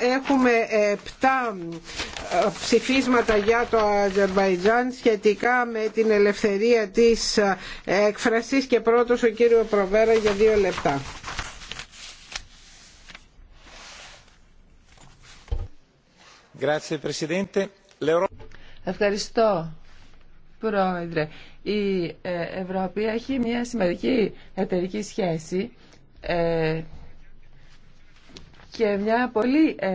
έχουμε 7 ε, ψηφίσματα για το Αζερβαϊτζάν σχετικά με την ελευθερία της ε, έκφρασης και πρώτος ο κύριο Προβέρα για δύο λεπτά. Ευχαριστώ, Πρόεδρε. Η ε, Ευρώπη έχει μια σημαντική εταιρική σχέση και μια πολύ ε,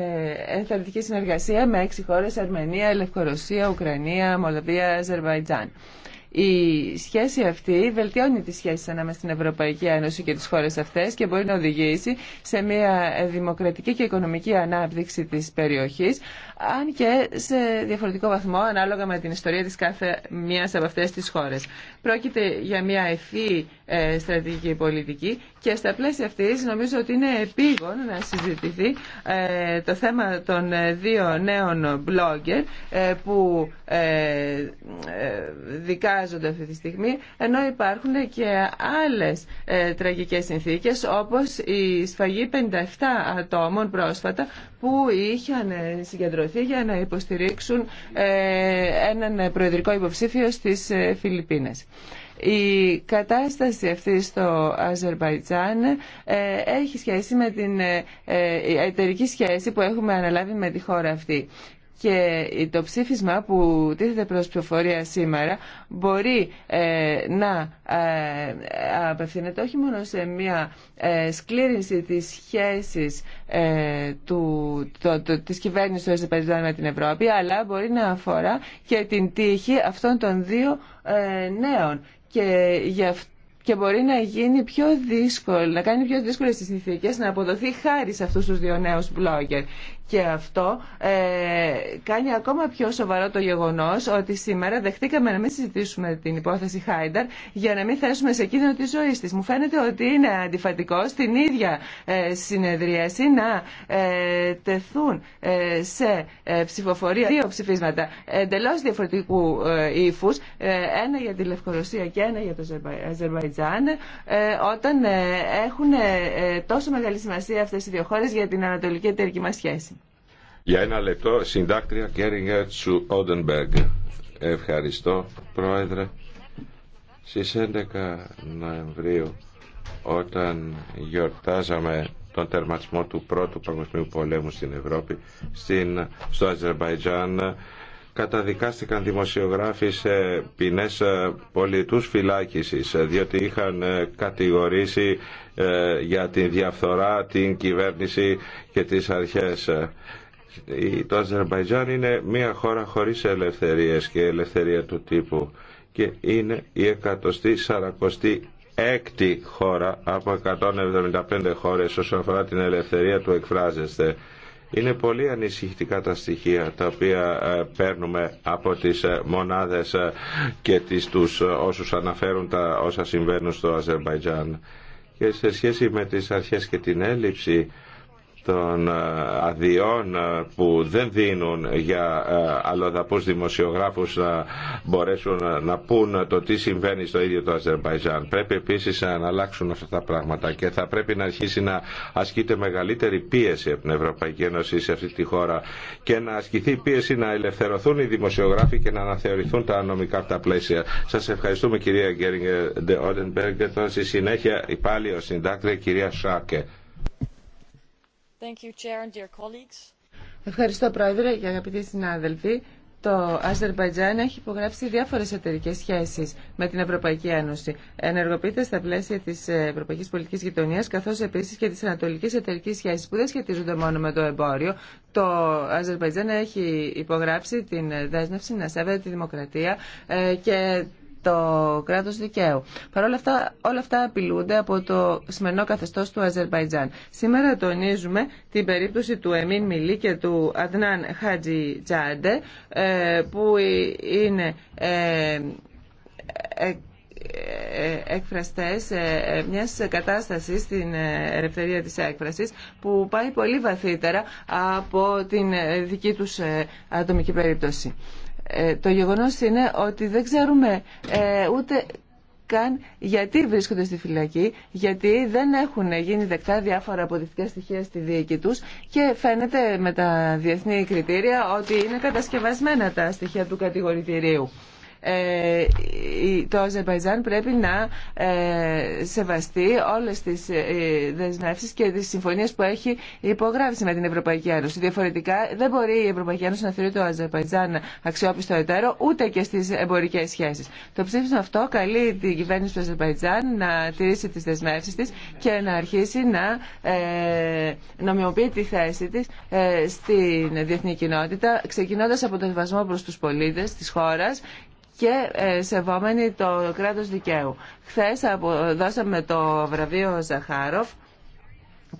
ενθαρρυντική συνεργασία με έξι χώρες Αρμενία, Λευκορωσία, Ουκρανία, Μολδαβία, Αζερβαϊτζάν. Η σχέση αυτή βελτιώνει τις σχέσεις ανάμεσα στην Ευρωπαϊκή Ένωση και τις χώρες αυτές και μπορεί να οδηγήσει σε μια δημοκρατική και οικονομική ανάπτυξη της περιοχής, αν και σε διαφορετικό βαθμό ανάλογα με την ιστορία της κάθε μίας από αυτές τις χώρες. Πρόκειται για μια ευθύ ε, στρατηγική πολιτική και στα πλαίσια αυτής νομίζω ότι είναι επίγον να συζητηθεί ε, το θέμα των δύο νέων blogger ε, που δικά αυτή τη ενώ υπάρχουν και άλλες ε, τραγικές συνθήκες, όπως η σφαγή 57 ατόμων πρόσφατα που είχαν συγκεντρωθεί για να υποστηρίξουν ε, έναν προεδρικό υποψήφιο στις ε, Φιλιππίνες. Η κατάσταση αυτή στο Αζερβαϊτζάν ε, έχει σχέση με την ε, εταιρική σχέση που έχουμε αναλάβει με τη χώρα αυτή και το ψήφισμα που τίθεται προς πληροφορία σήμερα μπορεί ε, να ε, απευθύνεται όχι μόνο σε μια ε, σκλήρινση της σχέσης του, το, της κυβέρνησης του με την Ευρώπη αλλά μπορεί να αφορά και την τύχη αυτών των δύο νέων και γι' και μπορεί να γίνει πιο δύσκολο, να κάνει πιο δύσκολες τις συνθήκες να αποδοθεί χάρη σε αυτούς τους δύο νέους blogger. Και αυτό ε, κάνει ακόμα πιο σοβαρό το γεγονός ότι σήμερα δεχτήκαμε να μην συζητήσουμε την υπόθεση Χάινταρ για να μην θέσουμε σε κίνδυνο τη ζωή της. Μου φαίνεται ότι είναι αντιφατικό στην ίδια ε, συνεδρίαση να ε, τεθούν ε, σε ψηφοφορία δύο ψηφίσματα εντελώς διαφορετικού ύφους, ένα για τη Λευκορωσία και ένα για το Αζερβαϊτζάν Αζερβαϊτζάν ε, όταν ε, έχουν ε, τόσο μεγάλη σημασία αυτές οι δύο χώρες για την ανατολική εταιρική μας σχέση. Για ένα λεπτό, συντάκτρια Κέριγκα Τσου Όντενμπεργκ. Ευχαριστώ, Πρόεδρε. Στι 11 Νοεμβρίου, όταν γιορτάζαμε τον τερματισμό του Πρώτου Παγκοσμίου Πολέμου στην Ευρώπη, στην, στο Αζερβαϊτζάν, καταδικάστηκαν δημοσιογράφοι σε ποινές ε, πολιτούς φυλάκισης ε, διότι είχαν ε, κατηγορήσει για τη διαφθορά την κυβέρνηση και τις αρχές. Το Αζερμπαϊτζάν είναι μια χώρα χωρίς ελευθερίες και ελευθερία του τύπου και είναι η 146η έκτη χώρα από 175 χώρες όσον αφορά την ελευθερία του εκφράζεστε. Είναι πολύ ανησυχητικά τα στοιχεία τα οποία ε, παίρνουμε από τις ε, μονάδες ε, και τις, τους όσους αναφέρουν τα όσα συμβαίνουν στο Αζερβαϊτζάν. Και σε σχέση με τις αρχές και την έλλειψη των ε, αδειών ε, που δεν δίνουν για ε, αλλοδαπούς δημοσιογράφους να μπορέσουν να πούν το τι συμβαίνει στο ίδιο το Αζερμπαϊζάν. Πρέπει επίσης να αλλάξουν αυτά τα πράγματα και θα πρέπει να αρχίσει να ασκείται μεγαλύτερη πίεση από την Ευρωπαϊκή Ένωση σε αυτή τη χώρα και να ασκηθεί πίεση να ελευθερωθούν οι δημοσιογράφοι και να αναθεωρηθούν τα νομικά αυτά πλαίσια. Σας ευχαριστούμε κυρία Γκέριγκερ Ντεόντενμπεργκ και τώρα στη συνέχεια πάλι ο συντάκτρια κυρία Σάκε. Ευχαριστώ, Ευχαριστώ, Πρόεδρε, και αγαπητοί συνάδελφοι. Το Αζερβαϊτζάν έχει υπογράψει διάφορες εταιρικέ σχέσεις με την Ευρωπαϊκή Ένωση. Ενεργοποιείται στα πλαίσια τη Ευρωπαϊκή Πολιτική Γειτονία, καθώς επίσης και τη Ανατολική Εταιρική Σχέση, που δεν σχετίζονται μόνο με το εμπόριο. Το Αζερβαϊτζάν έχει υπογράψει την δέσμευση να σέβεται τη δημοκρατία ε, και το κράτος δικαίου. Παρ' όλα αυτά, όλα αυτά απειλούνται από το σημερινό καθεστώς του Αζερβαϊτζάν. Σήμερα τονίζουμε την περίπτωση του Εμίν Μιλή και του Αδνάν Χάτζι Τζάντε, ε, που ε, είναι ε, εκφραστές μιας κατάστασης στην ελευθερία της έκφρασης που πάει πολύ βαθύτερα από την δική τους ατομική περίπτωση. Ε, το γεγονός είναι ότι δεν ξέρουμε ε, ούτε καν γιατί βρίσκονται στη φυλακή, γιατί δεν έχουν γίνει δεκτά διάφορα αποδεικτικά στοιχεία στη δίκη τους και φαίνεται με τα διεθνή κριτήρια ότι είναι κατασκευασμένα τα στοιχεία του κατηγορητηρίου. Ε, το Αζερβαϊτζάν πρέπει να ε, σεβαστεί όλες τις ε, δεσμεύσεις και τις συμφωνίες που έχει υπογράψει με την Ευρωπαϊκή Ένωση. Διαφορετικά δεν μπορεί η Ευρωπαϊκή Ένωση να θεωρεί το Αζερβαϊτζάν αξιόπιστο εταίρο ούτε και στις εμπορικές σχέσεις. Το ψήφισμα αυτό καλεί την κυβέρνηση του Αζερβαϊτζάν να τηρήσει τις δεσμεύσεις της και να αρχίσει να νομιμοποιεί τη θέση της στην διεθνή κοινότητα ξεκινώντας από το σεβασμό προς τους πολίτες της χώρας και ε, σεβόμενοι το κράτος δικαίου. Χθες δώσαμε το βραβείο Ζαχάροφ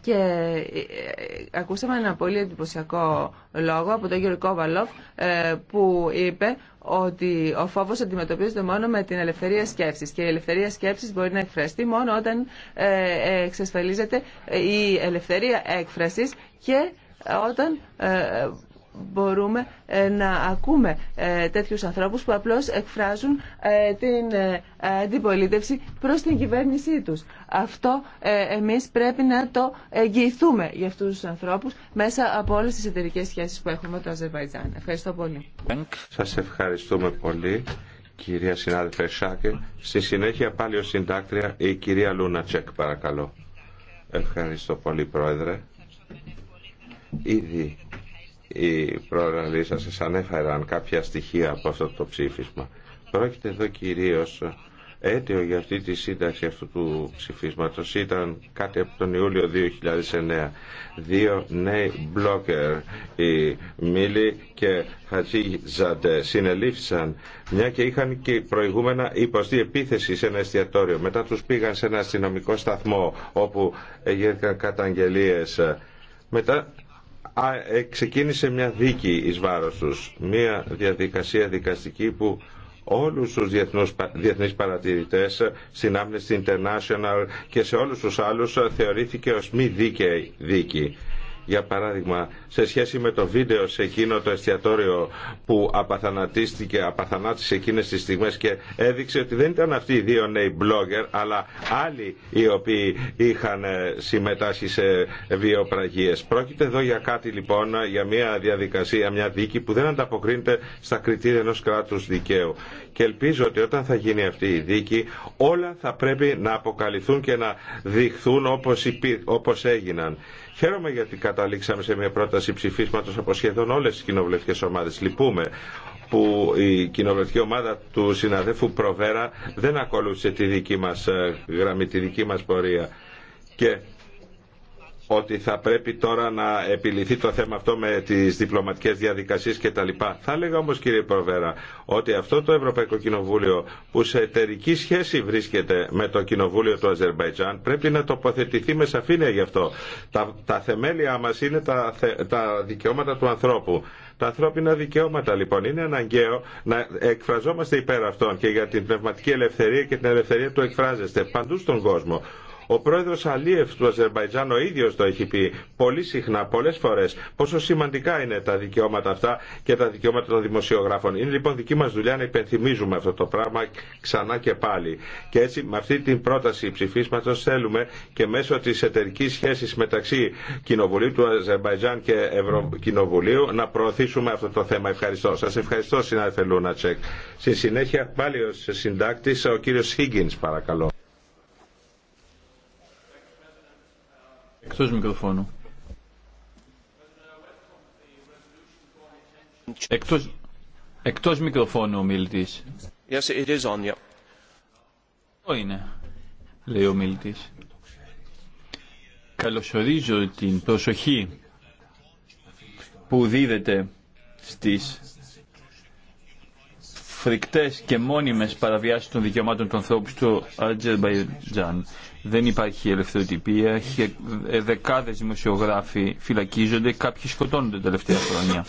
και ε, ακούσαμε ένα πολύ εντυπωσιακό λόγο από τον κύριο Κόβαλοφ ε, που είπε ότι ο φόβος αντιμετωπίζεται μόνο με την ελευθερία σκέψης και η ελευθερία σκέψης μπορεί να εκφραστεί μόνο όταν εξασφαλίζεται η ελευθερία έκφρασης και όταν μπορούμε ε, να ακούμε ε, τέτοιους ανθρώπους που απλώς εκφράζουν ε, την αντιπολίτευση προς την κυβέρνησή τους. Αυτό εμείς πρέπει να το εγγυηθούμε για αυτούς τους ανθρώπους μέσα από όλες τις εταιρικέ σχέσεις που έχουμε με το Αζερβαϊτζάν. Ευχαριστώ πολύ. Σας ευχαριστούμε πολύ κυρία συνάδελφε Σάκε. Στη συνέχεια πάλι ο συντάκτρια η κυρία Λούνα Τσέκ, παρακαλώ. Ευχαριστώ πολύ πρόεδρε. Ήδη οι πρόεδροι σας ανέφεραν κάποια στοιχεία από αυτό το ψήφισμα. Πρόκειται εδώ κυρίω αίτιο για αυτή τη σύνταξη αυτού του ψηφίσματο ήταν κάτι από τον Ιούλιο 2009. Δύο νέοι μπλόκερ, οι Μίλη και Χατζή Ζαντε, συνελήφθησαν μια και είχαν και προηγούμενα υποστεί επίθεση σε ένα εστιατόριο. Μετά του πήγαν σε ένα αστυνομικό σταθμό όπου έγιναν καταγγελίε Μετά ε, ξεκίνησε μια δίκη εις βάρος τους, μια διαδικασία δικαστική που όλους τους διεθνούς, διεθνείς παρατηρητές στην Amnesty International και σε όλους τους άλλους ε, θεωρήθηκε ως μη δίκαιη δίκη για παράδειγμα, σε σχέση με το βίντεο σε εκείνο το εστιατόριο που απαθανατίστηκε, απαθανάτησε εκείνες τις στιγμές και έδειξε ότι δεν ήταν αυτοί οι δύο νέοι blogger, αλλά άλλοι οι οποίοι είχαν ε, συμμετάσχει σε βιοπραγίες. Πρόκειται εδώ για κάτι λοιπόν, για μια διαδικασία, μια δίκη που δεν ανταποκρίνεται στα κριτήρια ενός κράτους δικαίου. Και ελπίζω ότι όταν θα γίνει αυτή η δίκη, όλα θα πρέπει να αποκαλυφθούν και να διχθούν όπως, όπως έγιναν. Χαίρομαι γιατί καταλήξαμε σε μια πρόταση ψηφίσματος από σχεδόν όλες τι κοινοβουλευτικές ομάδες. Λυπούμε που η κοινοβουλευτική ομάδα του συναδέφου Προβέρα δεν ακολούθησε τη δική μας ε, γραμμή, τη δική μας πορεία. Και ότι θα πρέπει τώρα να επιληθεί το θέμα αυτό με τις διπλωματικές διαδικασίες κτλ. Θα έλεγα όμως κύριε Προβέρα ότι αυτό το Ευρωπαϊκό Κοινοβούλιο που σε εταιρική σχέση βρίσκεται με το Κοινοβούλιο του Αζερβαϊτζάν πρέπει να τοποθετηθεί με σαφήνεια γι' αυτό. Τα, τα θεμέλια μας είναι τα, τα δικαιώματα του ανθρώπου. Τα ανθρώπινα δικαιώματα λοιπόν είναι αναγκαίο να εκφραζόμαστε υπέρ αυτών και για την πνευματική ελευθερία και την ελευθερία του εκφράζεστε παντού στον κόσμο. Ο πρόεδρο Αλίεφ του Αζερβαϊτζάν ο ίδιο το έχει πει πολύ συχνά, πολλέ φορέ πόσο σημαντικά είναι τα δικαιώματα αυτά και τα δικαιώματα των δημοσιογράφων. Είναι λοιπόν δική μα δουλειά να υπενθυμίζουμε αυτό το πράγμα ξανά και πάλι. Και έτσι με αυτή την πρόταση ψηφίσματος θέλουμε και μέσω τη εταιρική σχέση μεταξύ Κοινοβουλίου του Αζερβαϊτζάν και Ευρωκοινοβουλίου να προωθήσουμε αυτό το θέμα. Ευχαριστώ. Σα ευχαριστώ συνάδελφε Λούνατσεκ. Στη συνέχεια πάλι ο συντάκτη, ο κύριο Higgins παρακαλώ. Εκτός μικροφώνου. Εκτός, εκτός μικροφώνου ο μιλητής. Yes, it is on, Εδώ είναι, λέει ο μιλητής. Καλωσορίζω την προσοχή που δίδεται στις φρικτέ και μόνιμες παραβιάσει των δικαιωμάτων των ανθρώπων στο Ατζερμπαϊτζάν. Δεν υπάρχει ελευθεροτυπία, ε, δεκάδε δημοσιογράφοι φυλακίζονται, κάποιοι σκοτώνονται τα τελευταία χρόνια.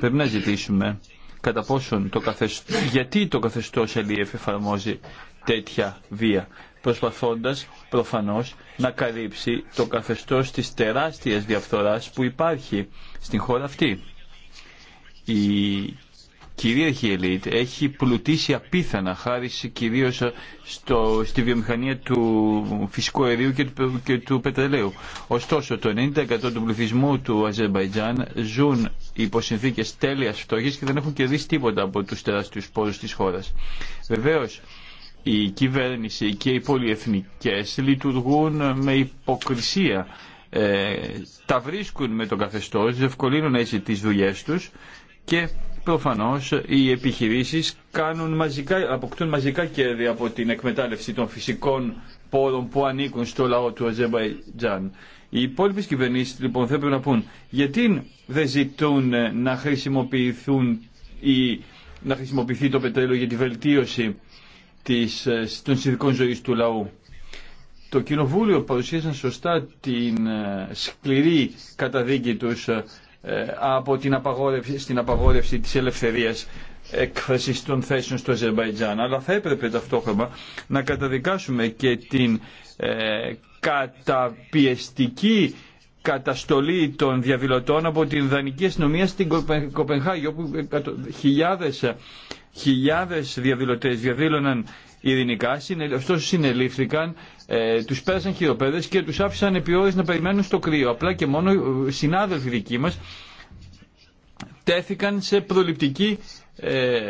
Πρέπει να ζητήσουμε κατά πόσον το καθεστώς, γιατί το καθεστώ Αλίεφ εφαρμόζει τέτοια βία, προσπαθώντας προφανώς να καλύψει το καθεστώς της τεράστιας διαφθοράς που υπάρχει στην χώρα αυτή. Η κυρίαρχη ελίτ έχει πλουτίσει απίθανα χάρη κυρίως στη βιομηχανία του φυσικού αερίου και του, πετρελαίου. Ωστόσο, το 90% του πληθυσμού του Αζερβαϊτζάν ζουν υπό συνθήκε τέλεια φτώχεια και δεν έχουν κερδίσει τίποτα από του τεράστιου πόρου τη χώρα. Βεβαίω, η κυβέρνηση και οι πολυεθνικές λειτουργούν με υποκρισία. Ε, τα βρίσκουν με τον καθεστώς, ευκολύνουν έτσι τις δουλειές τους και Προφανώς οι επιχειρήσεις μαζικά, αποκτούν μαζικά κέρδη από την εκμετάλλευση των φυσικών πόρων που ανήκουν στο λαό του Αζερβαϊτζάν. Οι υπόλοιπε κυβερνήσει λοιπόν θα έπρεπε να πούν γιατί δεν ζητούν ε, να χρησιμοποιηθούν ή να χρησιμοποιηθεί το πετρέλαιο για τη βελτίωση της, ε, των συνδικών ζωής του λαού. Το Κοινοβούλιο παρουσίασαν σωστά την ε, σκληρή καταδίκη τους ε, από την απαγόρευση, στην απαγόρευση της ελευθερίας έκφρασης των θέσεων στο Αζερβαϊτζάν. Αλλά θα έπρεπε ταυτόχρονα να καταδικάσουμε και την ε, καταπιεστική καταστολή των διαδηλωτών από την δανική αστυνομία στην Κοπενχάγη όπου χιλιάδες Χιλιάδες διαδηλωτές διαδήλωναν ειρηνικά, ωστόσο συνελήφθηκαν, ε, τους πέρασαν χειροπέδες και τους άφησαν επί ώρες να περιμένουν στο κρύο. Απλά και μόνο ε, συνάδελφοι δικοί μας τέθηκαν σε προληπτική ε,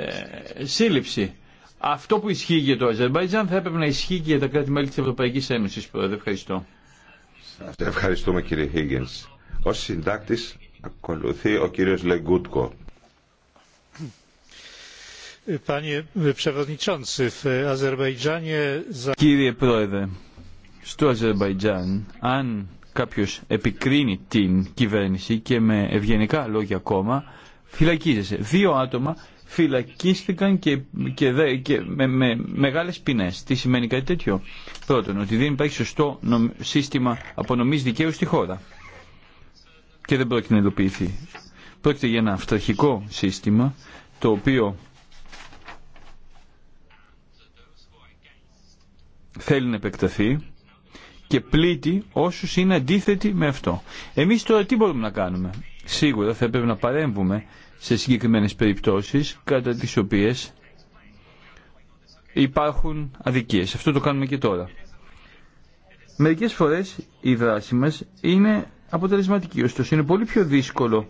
σύλληψη. Αυτό που ισχύει για το Αζερμπαϊτζάν θα έπρεπε να ισχύει και για τα κράτη-μέλη της Ευρωπαϊκής Ένωσης, Πρόεδρε. Ευχαριστώ. Ευχαριστούμε κύριε Higgins. Ως συντάκτης ακολουθεί ο κύριος Λεγκούτκο. Κύριε Πρόεδρε, στο Αζερβαϊτζάν, αν κάποιος επικρίνει την κυβέρνηση και με ευγενικά λόγια ακόμα, φυλακίζεσαι. Δύο άτομα φυλακίστηκαν και, με, με μεγάλες ποινές. Τι σημαίνει κάτι τέτοιο. Πρώτον, ότι δεν υπάρχει σωστό σύστημα απονομής δικαίου στη χώρα και δεν πρόκειται να υλοποιηθεί. Πρόκειται για ένα αυταρχικό σύστημα το οποίο θέλει να επεκταθεί και πλήττει όσους είναι αντίθετοι με αυτό. Εμείς τώρα τι μπορούμε να κάνουμε. Σίγουρα θα έπρεπε να παρέμβουμε σε συγκεκριμένες περιπτώσεις κατά τις οποίες υπάρχουν αδικίες. Αυτό το κάνουμε και τώρα. Μερικές φορές η δράση μας είναι αποτελεσματική. Ωστόσο είναι πολύ πιο δύσκολο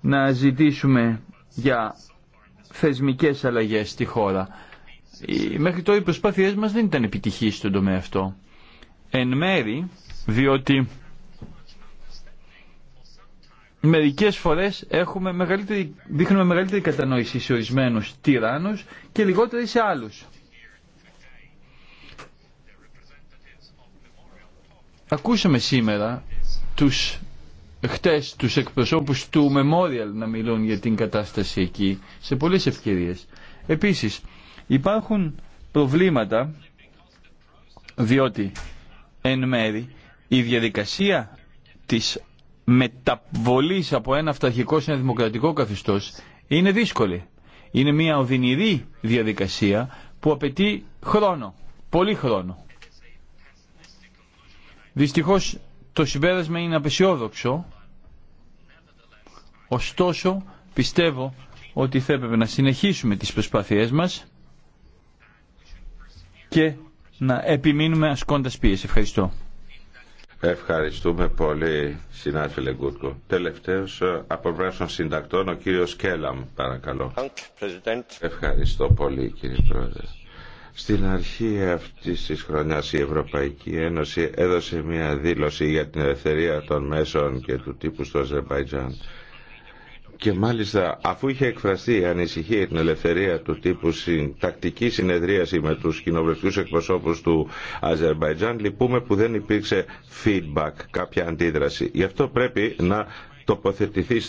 να ζητήσουμε για θεσμικές αλλαγές στη χώρα Μέχρι τώρα οι προσπάθειές μας δεν ήταν επιτυχεί στον τομέα αυτό. Εν μέρη, διότι μερικές φορές έχουμε δείχνουμε μεγαλύτερη κατανόηση σε ορισμένου τυράννου και λιγότερη σε άλλου. Ακούσαμε σήμερα τους χτες τους εκπροσώπους του Memorial να μιλούν για την κατάσταση εκεί σε πολλές ευκαιρίες. Επίσης, Υπάρχουν προβλήματα διότι εν μέρη η διαδικασία της μεταβολής από ένα αυταρχικό σε ένα δημοκρατικό καθεστώς είναι δύσκολη. Είναι μια οδυνηρή διαδικασία που απαιτεί χρόνο, πολύ χρόνο. Δυστυχώς το συμπέρασμα είναι απεσιόδοξο, ωστόσο πιστεύω ότι θα έπρεπε να συνεχίσουμε τις προσπάθειές μας και να επιμείνουμε ασκώντας πίεση. Ευχαριστώ. Ευχαριστούμε πολύ, συνάδελφε Λεγκούρκο. Τελευταίο ε, από βράσεων συντακτών, ο κύριο Κέλαμ, παρακαλώ. Ευχαριστώ πολύ, κύριε Πρόεδρε. Στην αρχή αυτή τη χρονιά η Ευρωπαϊκή Ένωση έδωσε μια δήλωση για την ελευθερία των μέσων και του τύπου στο Αζερβαϊτζάν και μάλιστα αφού είχε εκφραστεί η ανησυχία για την ελευθερία του τύπου στην τακτική συνεδρίαση με τους κοινοβουλευτικούς εκπροσώπους του Αζερβαϊτζάν λυπούμε που δεν υπήρξε feedback, κάποια αντίδραση. Γι' αυτό πρέπει να τοποθετηθεί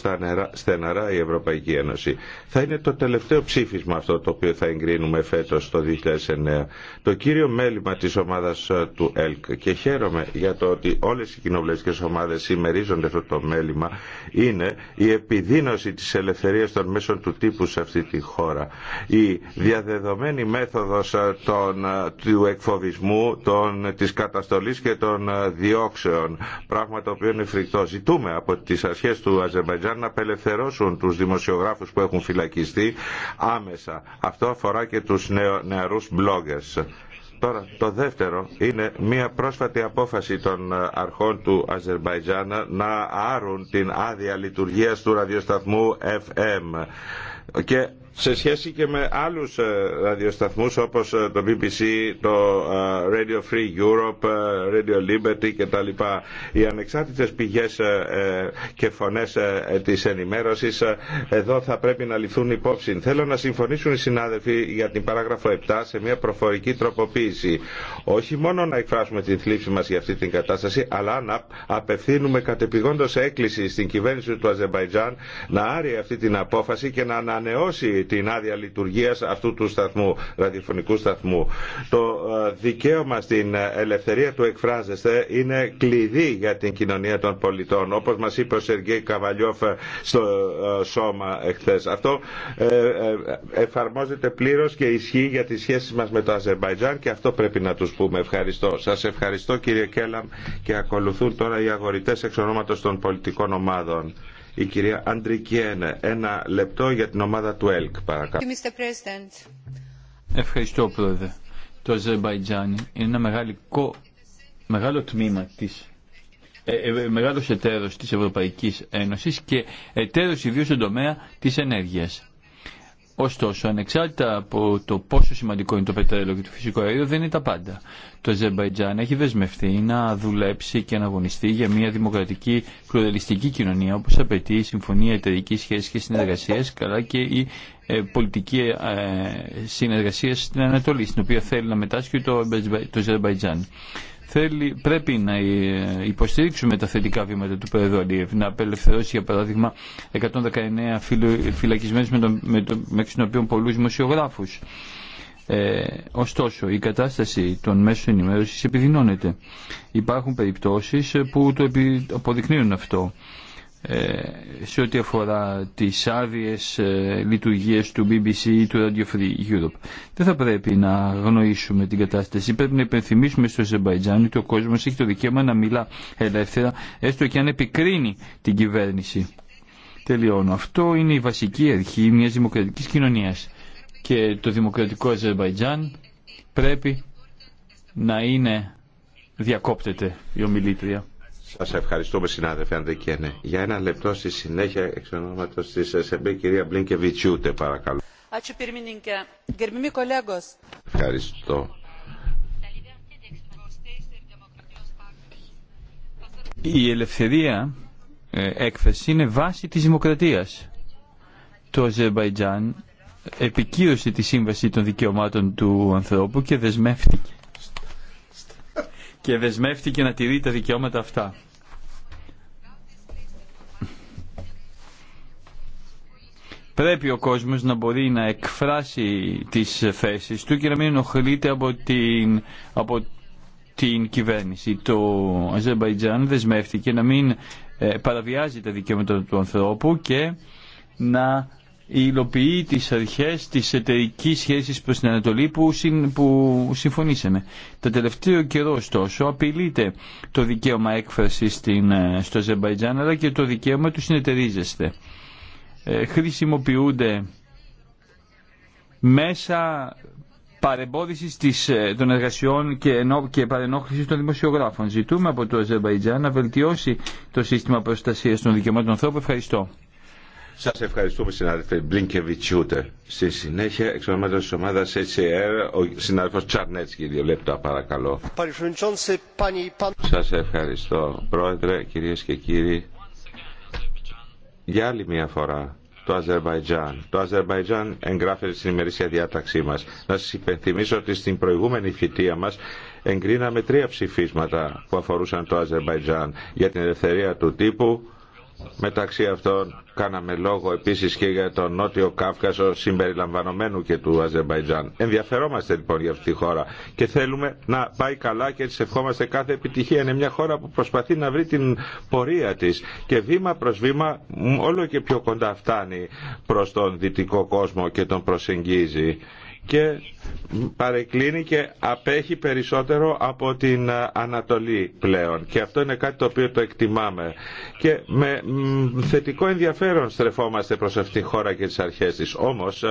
στεναρά η Ευρωπαϊκή Ένωση. Θα είναι το τελευταίο ψήφισμα αυτό το οποίο θα εγκρίνουμε φέτος το 2009. Το κύριο μέλημα της ομάδας ε, του ΕΛΚ και χαίρομαι για το ότι όλες οι κοινοβουλευτικές ομάδες συμμερίζονται αυτό το μέλημα είναι η επιδείνωση της ελευθερίας των μέσων του τύπου σε αυτή τη χώρα. Η διαδεδομένη μέθοδος ε, ε, του εκφοβισμού, των, της καταστολής και των διώξεων, πράγμα το οποίο είναι φρικτό. Ζητούμε από τις αρχές του Αζερβαϊτζάν να απελευθερώσουν τους δημοσιογράφους που έχουν φυλακιστεί άμεσα. Αυτό αφορά και τους νεαρούς bloggers. Τώρα, το δεύτερο είναι μια πρόσφατη απόφαση των αρχών του Αζερβαϊτζάν να άρουν την άδεια λειτουργίας του ραδιοσταθμού FM και σε σχέση και με άλλους ε, ραδιοσταθμούς όπως ε, το BBC, το ε, Radio Free Europe, Radio Liberty λοιπά Οι ανεξάρτητες πηγές και φωνές της ενημέρωσης εδώ θα πρέπει να ληφθούν υπόψη. Θέλω να συμφωνήσουν οι συνάδελφοι για την παράγραφο 7 σε μια προφορική τροποποίηση. Όχι μόνο να εκφράσουμε την θλίψη μας για αυτή την κατάσταση, αλλά να απευθύνουμε κατεπηγόντως έκκληση στην κυβέρνηση του Αζερβαϊτζάν να άρει αυτή την απόφαση και να ανανεώσει την άδεια λειτουργίας αυτού του σταθμού, ραδιοφωνικού σταθμού. Το ε, δικαίωμα στην ελευθερία του εκφράζεστε είναι κλειδί για την κοινωνία των πολιτών, όπως μας είπε ο Σεργέη Καβαλιόφ στο ε, σώμα εχθές. Αυτό ε, εφαρμόζεται πλήρως και ισχύει για τις σχέσεις μας με το Αζερμπαϊτζάν και αυτό πρέπει να τους πούμε. Ευχαριστώ. Σας ευχαριστώ κύριε Κέλαμ και ακολουθούν τώρα οι αγορητές εξ των πολιτικών ομάδων η κυρία Αντρικιένε. Ένα λεπτό για την ομάδα του ΕΛΚ, παρακαλώ. Ευχαριστώ, Πρόεδρε. Το Αζερβαϊτζάν είναι ένα μεγάλο, μεγάλο τμήμα της ε, ε, ε, μεγάλος εταίρος της Ευρωπαϊκής Ένωσης και εταίρος ιδίως στον τομέα της ενέργειας. Ωστόσο, ανεξάρτητα από το πόσο σημαντικό είναι το πετρέλαιο και το φυσικό αέριο, δεν είναι τα πάντα. Το Αζερμπαϊτζάν έχει δεσμευτεί να δουλέψει και να αγωνιστεί για μια δημοκρατική πλουραλιστική κοινωνία, όπω απαιτεί η Συμφωνία Εταιρική Σχέση και Συνεργασία, καλά και η ε, πολιτική ε, συνεργασία στην Ανατολή, στην οποία θέλει να μετάσχει το Αζερμπαϊτζάν θέλει, πρέπει να ε, υποστηρίξουμε τα θετικά βήματα του Πρόεδρου να απελευθερώσει για παράδειγμα 119 φυλακισμένους με, το, με, το, πολλούς ε, ωστόσο, η κατάσταση των μέσων ενημέρωσης επιδεινώνεται. Υπάρχουν περιπτώσεις που το αποδεικνύουν αυτό. Ε, σε ό,τι αφορά τις άδειες ε, λειτουργίες του BBC ή του Radio Free Europe. Δεν θα πρέπει να γνωρίσουμε την κατάσταση. Πρέπει να υπενθυμίσουμε στο Αζερβαϊτζάν ότι ο κόσμος έχει το δικαίωμα να μιλά ελεύθερα, έστω και αν επικρίνει την κυβέρνηση. Τελειώνω. Αυτό είναι η βασική αρχή μιας δημοκρατικής κοινωνίας. Και το δημοκρατικό Αζερβαϊτζάν πρέπει να είναι διακόπτεται η ομιλήτρια. Σα ευχαριστούμε συνάδελφε καινέ. Ναι. Για ένα λεπτό στη συνέχεια εξ ονόματο τη ΕΣΕΜΠΕ κυρία Μπλίνκεβιτσιούτε παρακαλώ. Ευχαριστώ. Η ελευθερία ε, έκφραση είναι βάση της δημοκρατίας. Το Αζερβαϊτζάν επικύρωσε τη σύμβαση των δικαιωμάτων του ανθρώπου και δεσμεύτηκε και δεσμεύτηκε να τηρεί τα δικαιώματα αυτά. Πρέπει ο κόσμος να μπορεί να εκφράσει τις θέσεις του και να μην ενοχλείται από την, από την κυβέρνηση. Το Αζερβαϊτζάν δεσμεύτηκε να μην ε, παραβιάζει τα δικαιώματα του ανθρώπου και να υλοποιεί τι αρχές της εταιρική σχέσης προς την Ανατολή που, συν, που συμφωνήσαμε. Τα τελευταίο καιρό ωστόσο απειλείται το δικαίωμα έκφρασης ε, στο Αζερβαϊτζάν αλλά και το δικαίωμα του συνεταιρίζεστε. Ε, χρησιμοποιούνται μέσα παρεμπόδιση ε, των εργασιών και, ενώ, και των δημοσιογράφων. Ζητούμε από το Αζερβαϊτζάν να βελτιώσει το σύστημα προστασία των δικαιωμάτων ανθρώπων. Ευχαριστώ. Σα ευχαριστούμε συνάδελφε Μπλίνκεβιτσιούτε. Στη συνέχεια, εξ ονόματο τη ομάδα HCR, ο συνάδελφο Τσαρνέτσκι, δύο λεπτά παρακαλώ. Σα ευχαριστώ, πρόεδρε, κυρίε και κύριοι. Για άλλη μια φορά, το Αζερβαϊτζάν. Το Αζερβαϊτζάν εγγράφεται στην ημερήσια διάταξή μα Να σα υπενθυμίσω ότι στην προηγούμενη φοιτεία μα εγκρίναμε τρία ψηφίσματα που αφορούσαν το Αζερβαϊτζάν για την ελευθερία του τύπου, Μεταξύ αυτών κάναμε λόγο επίσης και για τον Νότιο Κάφκασο συμπεριλαμβανομένου και του Αζερμπαϊτζάν. Ενδιαφερόμαστε λοιπόν για αυτή τη χώρα και θέλουμε να πάει καλά και της ευχόμαστε κάθε επιτυχία. Είναι μια χώρα που προσπαθεί να βρει την πορεία της και βήμα προς βήμα όλο και πιο κοντά φτάνει προς τον δυτικό κόσμο και τον προσεγγίζει και παρεκκλίνει και απέχει περισσότερο από την Ανατολή πλέον και αυτό είναι κάτι το οποίο το εκτιμάμε και με θετικό ενδιαφέρον στρεφόμαστε προς αυτή τη χώρα και τις αρχές της όμως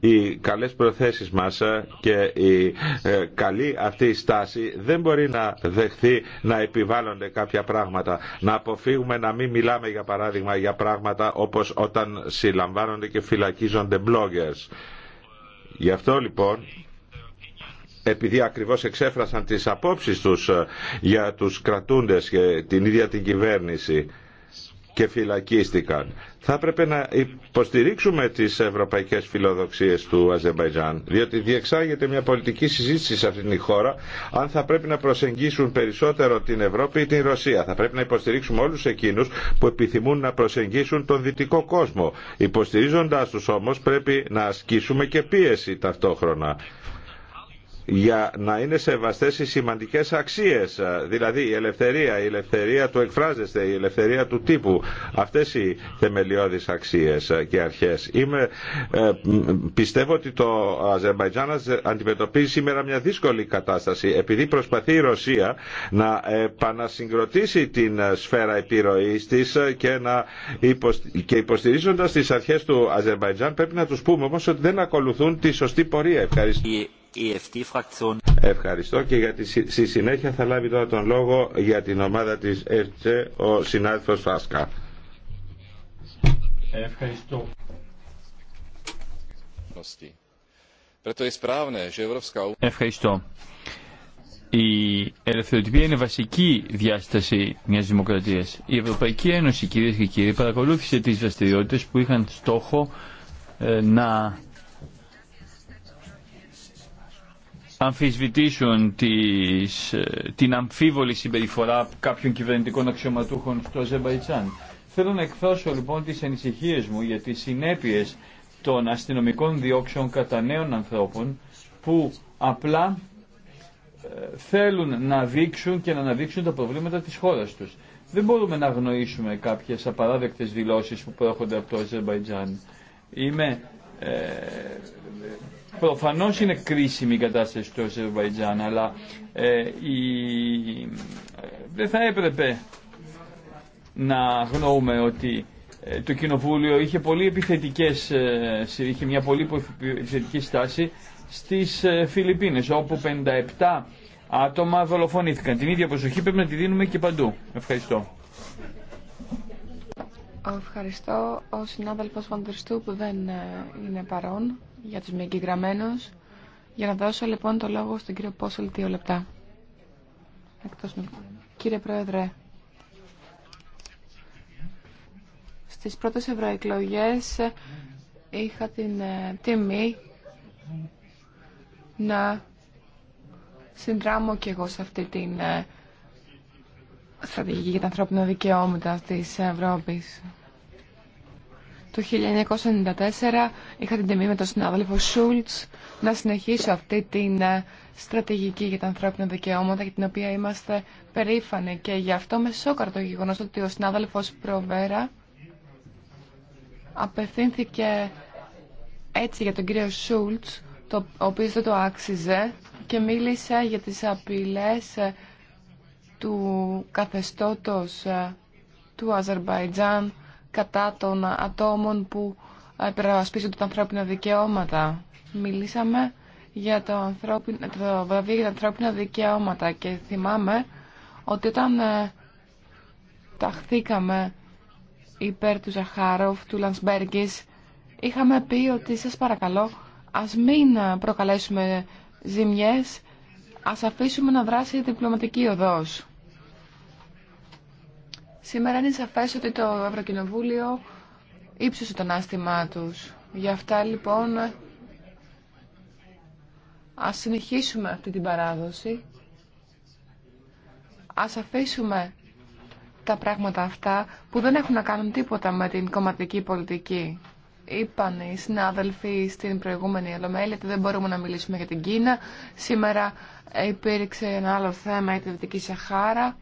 οι καλές προθέσεις μας και η ε, καλή αυτή στάση δεν μπορεί να δεχθεί να επιβάλλονται κάποια πράγματα να αποφύγουμε να μην μιλάμε για παράδειγμα για πράγματα όπως όταν συλλαμβάνονται και φυλακίζονται bloggers Γι' αυτό λοιπόν επειδή ακριβώς εξέφρασαν τις απόψεις τους ε, για τους κρατούντες και την ίδια την κυβέρνηση και φυλακίστηκαν. Θα πρέπει να υποστηρίξουμε τις ευρωπαϊκές φιλοδοξίες του Αζερβαϊτζάν, διότι διεξάγεται μια πολιτική συζήτηση σε αυτήν τη χώρα αν θα πρέπει να προσεγγίσουν περισσότερο την Ευρώπη ή την Ρωσία. Θα πρέπει να υποστηρίξουμε όλους εκείνους που επιθυμούν να προσεγγίσουν τον δυτικό κόσμο. Υποστηρίζοντάς τους όμως πρέπει να ασκήσουμε και πίεση ταυτόχρονα για να είναι σεβαστές οι σημαντικές αξίες, δηλαδή η ελευθερία, η ελευθερία του εκφράζεστε, η ελευθερία του τύπου, αυτές οι θεμελιώδεις αξίες και αρχές. Είμαι, ε, πιστεύω ότι το Αζερβαϊτζάν αντιμετωπίζει σήμερα μια δύσκολη κατάσταση, επειδή προσπαθεί η Ρωσία να επανασυγκροτήσει την σφαίρα επιρροής της και, να και υποστηρίζοντας τις αρχές του Αζερβαϊτζάν πρέπει να τους πούμε όμως ότι δεν ακολουθούν τη σωστή πορεία. Ευχαριστώ. Ευχαριστώ και για τη, στη συνέχεια θα λάβει τώρα τον λόγο για την ομάδα της ΕΦΤΣΕ ο συνάδελφος Φάσκα. Ευχαριστώ. Ευχαριστώ. Η ελευθεροτυπία είναι βασική διάσταση μιας δημοκρατίας. Η Ευρωπαϊκή Ένωση, κυρίες και κύριοι, παρακολούθησε τις δραστηριότητε που είχαν στόχο ε, να αμφισβητήσουν τις, ε, την αμφίβολη συμπεριφορά κάποιων κυβερνητικών αξιωματούχων στο Αζερμπαϊτζάν. Θέλω να εκφράσω λοιπόν τις ανησυχίες μου για τις συνέπειες των αστυνομικών διώξεων κατά νέων ανθρώπων που απλά ε, θέλουν να δείξουν και να αναδείξουν τα προβλήματα της χώρας τους. Δεν μπορούμε να αγνοήσουμε κάποιες απαράδεκτες δηλώσεις που προέρχονται από το Αζερβαϊτζάν. Είμαι ε, Προφανώ είναι κρίσιμη η κατάσταση του Αζερβαϊτζάν, αλλά ε, δεν θα έπρεπε να γνωρούμε ότι ε, το Κοινοβούλιο είχε πολύ επιθετικές, ε, είχε μια πολύ επιθετική στάση στις Φιλιππίνες, όπου 57 άτομα δολοφονήθηκαν. Την ίδια προσοχή πρέπει να τη δίνουμε και παντού. Ευχαριστώ. Ευχαριστώ. Ο συνάδελφος Βαντερστού που δεν είναι παρόν για τους μη εγγεγραμμένους, Για να δώσω λοιπόν το λόγο στον κύριο Πόσολ δύο λεπτά. Εκτός... Κύριε Πρόεδρε, στις πρώτες ευρωεκλογές ε, είχα την ε, τιμή να συνδράμω και εγώ σε αυτή την ε, στρατηγική για τα ανθρώπινα δικαιώματα της Ευρώπης. Το 1994 είχα την τιμή με τον συνάδελφο Σούλτς να συνεχίσω αυτή την ε, στρατηγική για τα ανθρώπινα δικαιώματα για την οποία είμαστε περήφανοι και γι' αυτό με σόκαρ το γεγονό ότι ο συνάδελφο Προβέρα απευθύνθηκε έτσι για τον κύριο Σούλτ, το, ο οποίος δεν το άξιζε και μίλησε για τις απειλές ε, του καθεστώτος ε, του Αζερβαϊτζάν κατά των ατόμων που υπερασπίζονται τα ανθρώπινα δικαιώματα. Μιλήσαμε για το, το βραβείο για τα ανθρώπινα δικαιώματα και θυμάμαι ότι όταν ε, ταχθήκαμε υπέρ του Ζαχάροφ, του Λανσμπέργκης, είχαμε πει ότι σας παρακαλώ ας μην προκαλέσουμε ζημιές, ας αφήσουμε να δράσει η διπλωματική οδός. Σήμερα είναι σαφές ότι το Ευρωκοινοβούλιο ύψωσε τον άστημά τους. Γι' αυτά λοιπόν ας συνεχίσουμε αυτή την παράδοση. Ας αφήσουμε τα πράγματα αυτά που δεν έχουν να κάνουν τίποτα με την κομματική πολιτική. Είπαν οι συνάδελφοι στην προηγούμενη ελλομέλεια, ότι δεν μπορούμε να μιλήσουμε για την Κίνα. Σήμερα υπήρξε ένα άλλο θέμα, η Δυτική Σαχάρα.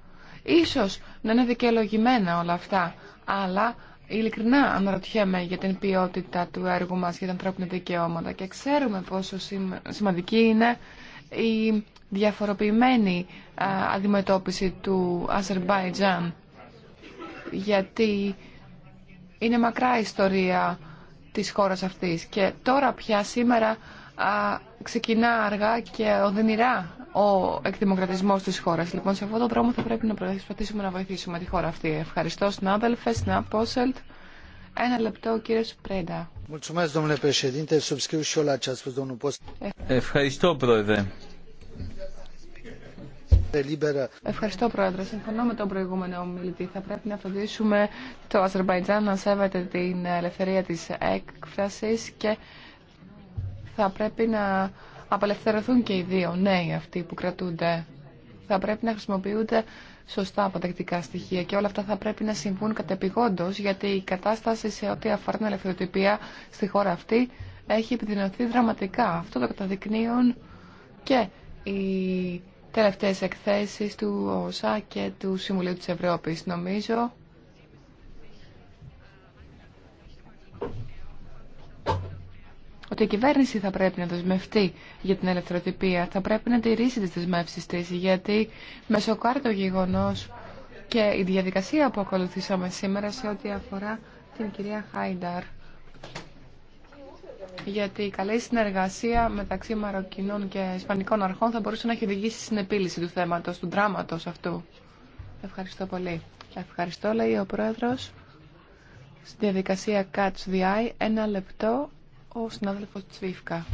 Ίσως να είναι δικαιολογημένα όλα αυτά, αλλά ειλικρινά αναρωτιέμαι για την ποιότητα του έργου μας για τα ανθρώπινα δικαιώματα και ξέρουμε πόσο σημαντική είναι η διαφοροποιημένη αντιμετώπιση του Αζερμπάιτζαν γιατί είναι μακρά η ιστορία της χώρας αυτής και τώρα πια σήμερα ξεκινά αργά και οδυνηρά ο εκδημοκρατισμό τη χώρα. Λοιπόν, σε αυτό το δρόμο θα πρέπει να προσπαθήσουμε να βοηθήσουμε τη χώρα αυτή. Ευχαριστώ, συνάδελφε, να Ένα λεπτό, κύριε Πρέντα. Ευχαριστώ, πρόεδρε. Ευχαριστώ, Πρόεδρε. Συμφωνώ με τον προηγούμενο ομιλητή. Θα πρέπει να φροντίσουμε το Αζερβαϊτζάν να σέβεται την ελευθερία της έκφρασης και θα πρέπει να απελευθερωθούν και οι δύο νέοι αυτοί που κρατούνται. Θα πρέπει να χρησιμοποιούνται σωστά αποδεκτικά στοιχεία και όλα αυτά θα πρέπει να συμβούν κατεπηγόντω γιατί η κατάσταση σε ό,τι αφορά την ελευθεροτυπία στη χώρα αυτή έχει επιδεινωθεί δραματικά. Αυτό το καταδεικνύουν και οι τελευταίες εκθέσεις του ΟΣΑ και του Συμβουλίου της Ευρώπης. Νομίζω ότι η κυβέρνηση θα πρέπει να δεσμευτεί για την ελευθεροτυπία, θα πρέπει να τηρήσει τις δεσμεύσεις της, γιατί μεσοκάρτο σοκάρει το γεγονός και η διαδικασία που ακολουθήσαμε σήμερα σε ό,τι αφορά την κυρία Χάινταρ. Γιατί η καλή συνεργασία μεταξύ Μαροκινών και Ισπανικών αρχών θα μπορούσε να έχει οδηγήσει στην επίλυση του θέματος, του δράματος αυτού. Ευχαριστώ πολύ. Ευχαριστώ, λέει ο Πρόεδρος. Στη διαδικασία Catch the Eye, ένα λεπτό ο συνάδελφος Τσβίφκα.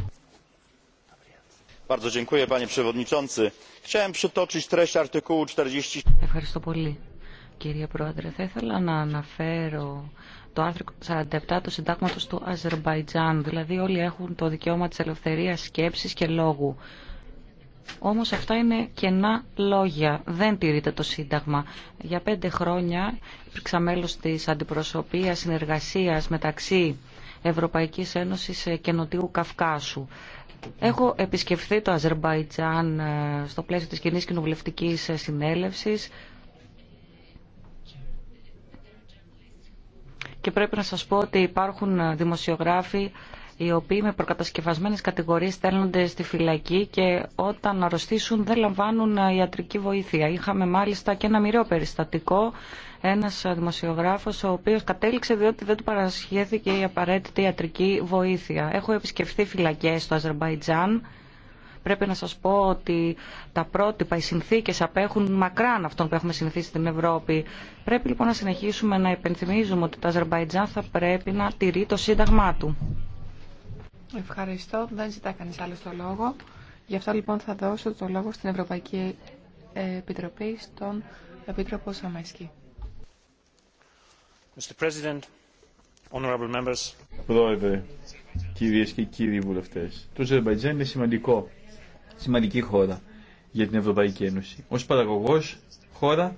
Ευχαριστώ πολύ, κύριε Πρόεδρε. Θα ήθελα να αναφέρω το άρθρο 47 του συντάγματος του Αζερμπαϊτζάν. Δηλαδή όλοι έχουν το δικαίωμα της ελευθερίας σκέψης και λόγου. Όμως αυτά είναι κενά λόγια. Δεν τηρείται το Σύνταγμα. Για πέντε χρόνια υπήρξα μέλος της αντιπροσωπείας συνεργασίας μεταξύ Ευρωπαϊκής Ένωσης ε, και Νοτιού Καυκάσου. Έχω επισκεφθεί το Αζερμπαϊτζάν ε, στο πλαίσιο της κοινή κοινοβουλευτική ε, συνέλευσης και πρέπει να σας πω ότι υπάρχουν δημοσιογράφοι οι οποίοι με προκατασκευασμένες κατηγορίες στέλνονται στη φυλακή και όταν αρρωστήσουν δεν λαμβάνουν ε, ιατρική βοήθεια. Είχαμε μάλιστα και ένα μοιραίο περιστατικό, ένας ε, δημοσιογράφος ο οποίος κατέληξε διότι δεν του παρασχέθηκε η απαραίτητη ιατρική βοήθεια. Έχω επισκεφθεί φυλακές στο Αζερμπαϊτζάν πρέπει να σας πω ότι τα πρότυπα, οι συνθήκες απέχουν μακράν αυτών που έχουμε συνηθίσει στην Ευρώπη. Πρέπει λοιπόν να συνεχίσουμε να υπενθυμίζουμε ότι το Αζερμπαϊτζάν θα πρέπει να τηρεί το σύνταγμά του. Ευχαριστώ. Δεν ζητά κανεί άλλο το λόγο. Γι' αυτό λοιπόν θα δώσω το λόγο στην Ευρωπαϊκή Επιτροπή, στον Επίτροπο Σαμέσκι. Πρόεδρε, κυρίε και κύριοι βουλευτέ, το Αζερβαϊτζάν είναι σημαντικό, σημαντική χώρα για την Ευρωπαϊκή Ένωση. Ω παραγωγό χώρα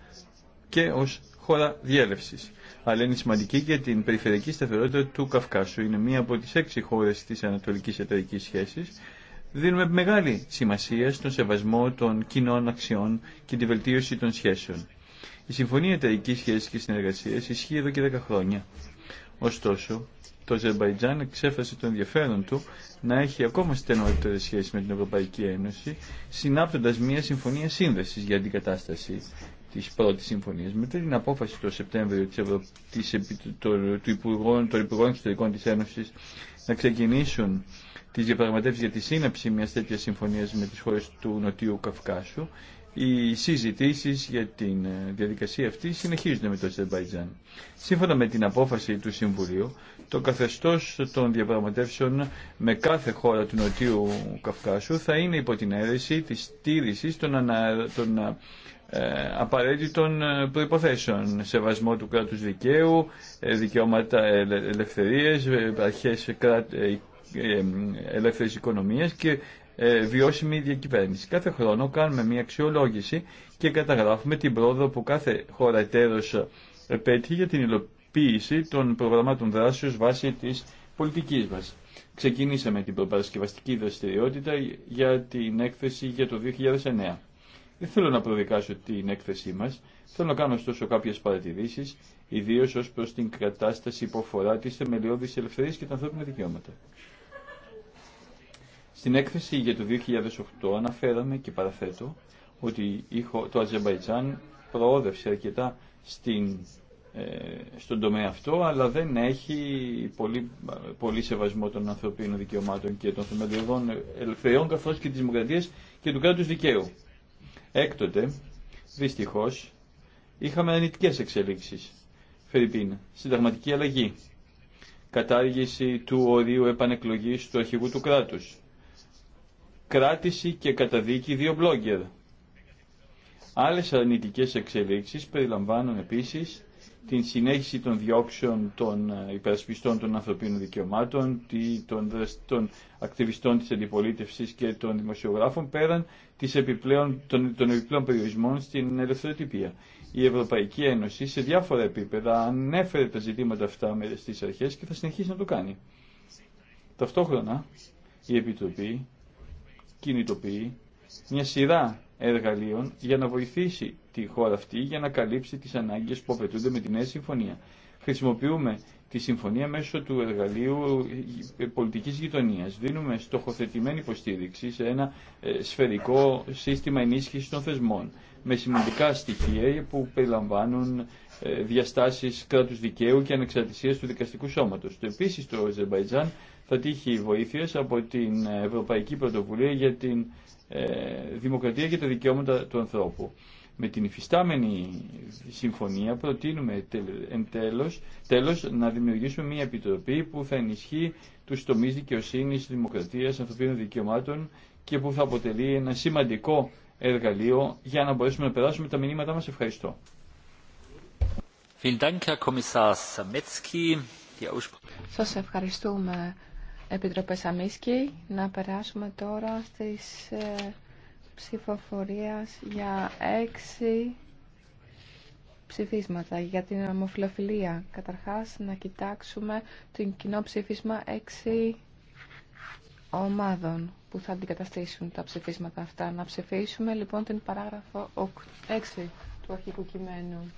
και ω χώρα διέλευση. Αλλά είναι σημαντική για την περιφερειακή σταθερότητα του Καυκάσου. Είναι μία από τι έξι χώρε τη Ανατολική Εταιρική Σχέση. Δίνουμε μεγάλη σημασία στον σεβασμό των κοινών αξιών και τη βελτίωση των σχέσεων. Η Συμφωνία Εταιρική Σχέση και Συνεργασία ισχύει εδώ και 10 χρόνια. Ωστόσο, το Αζερβαϊτζάν εξέφρασε το ενδιαφέρον του να έχει ακόμα στενότερε σχέσει με την Ευρωπαϊκή Ένωση, συνάπτοντα μια συμφωνία σύνδεση για αντικατάσταση της πρώτη συμφωνίας. Με την απόφαση το Σεπτέμβριο της Ευρω... της... του Υπουργών, των Υπουργών Εξωτερικών της Ένωσης να ξεκινήσουν τις διαπραγματεύσεις για τη σύναψη μια τέτοιας συμφωνίας με τις χώρες του Νοτιού Καυκάσου, οι συζητήσει για τη ε, διαδικασία αυτή συνεχίζονται με το Αζερβαϊτζάν. Σύμφωνα με την απόφαση του Συμβουλίου, το καθεστώ των διαπραγματεύσεων με κάθε χώρα του Νοτιού Καυκάσου θα είναι υπό την αίρεση τη στήριξη των, ανα... των ε, απαραίτητων ε, προϋποθέσεων, σεβασμό του κράτους δικαίου, ε, δικαιώματα ελευθερίες, αρχές ελεύθερης οικονομίας και βιώσιμη διακυβέρνηση. Κάθε χρόνο κάνουμε μια αξιολόγηση και καταγράφουμε την πρόοδο που κάθε χώρα εταίρος πέτυχε για την υλοποίηση των προγραμμάτων δράσεως βάσει της πολιτικής μας. Ξεκινήσαμε την προπαρασκευαστική δραστηριότητα για την έκθεση για το 2009. Δεν θέλω να προδικάσω την έκθεσή μας, θέλω να κάνω ωστόσο κάποιες παρατηρήσεις, ιδίω ως προς την κατάσταση που αφορά τις ελευθερία και τα ανθρώπινα δικαιώματα. Στην έκθεση για το 2008 αναφέραμε και παραθέτω ότι το Αζερβαϊτζάν προόδευσε αρκετά στην, ε, στον τομέα αυτό, αλλά δεν έχει πολύ, πολύ σεβασμό των ανθρωπίνων δικαιωμάτων και των θεμελιωδών ελευθεριών, καθώς και της δημοκρατίας και του κράτους δικαίου. Έκτοτε, δυστυχώ, είχαμε αρνητικέ εξελίξεις. Φερρυπίν, συνταγματική αλλαγή, κατάργηση του ορίου επανεκλογής του αρχηγού του κράτους, κράτηση και καταδίκη δύο μπλόγκερ. Άλλε αρνητικέ εξελίξεις περιλαμβάνουν επίσης την συνέχιση των διώξεων των ε, υπερασπιστών των ανθρωπίνων δικαιωμάτων, των, των ακτιβιστών της αντιπολίτευσης και των δημοσιογράφων, πέραν της επιπλέον, των, των επιπλέον περιορισμών στην ελευθεροτυπία. Η Ευρωπαϊκή Ένωση σε διάφορα επίπεδα ανέφερε τα ζητήματα αυτά στις αρχές και θα συνεχίσει να το κάνει. Ταυτόχρονα η Επιτροπή κινητοποιεί μια σειρά εργαλείων για να βοηθήσει τη χώρα αυτή για να καλύψει τις ανάγκες που απαιτούνται με τη νέα συμφωνία. Χρησιμοποιούμε τη συμφωνία μέσω του εργαλείου ε, πολιτικής γειτονίας. Δίνουμε στοχοθετημένη υποστήριξη σε ένα ε, σφαιρικό σύστημα ενίσχυσης των θεσμών με σημαντικά στοιχεία που περιλαμβάνουν ε, διαστάσεις κράτους δικαίου και ανεξαρτησίας του δικαστικού σώματος. Το επίσης το Αζερβαϊτζάν θα τύχει βοήθειας από την Ευρωπαϊκή Πρωτοβουλία για την ε, Δημοκρατία και τα Δικαιώματα του Ανθρώπου. Με την υφιστάμενη συμφωνία προτείνουμε εν τέλος, τέλος να δημιουργήσουμε μια επιτροπή που θα ενισχύει τους τομείς δικαιοσύνης, δημοκρατίας, ανθρωπίνων δικαιωμάτων και που θα αποτελεί ένα σημαντικό εργαλείο για να μπορέσουμε να περάσουμε τα μηνύματά μας. Ευχαριστώ. Σας ευχαριστούμε, Επιτροπέ Σαμίσκι, Να περάσουμε τώρα στις ε, ψηφοφορίες για έξι ψηφίσματα για την ομοφιλοφιλία. Καταρχάς, να κοιτάξουμε το κοινό ψήφισμα έξι ομάδων που θα αντικαταστήσουν τα ψηφίσματα αυτά. Να ψηφίσουμε λοιπόν την παράγραφο 6 του αρχικού κειμένου.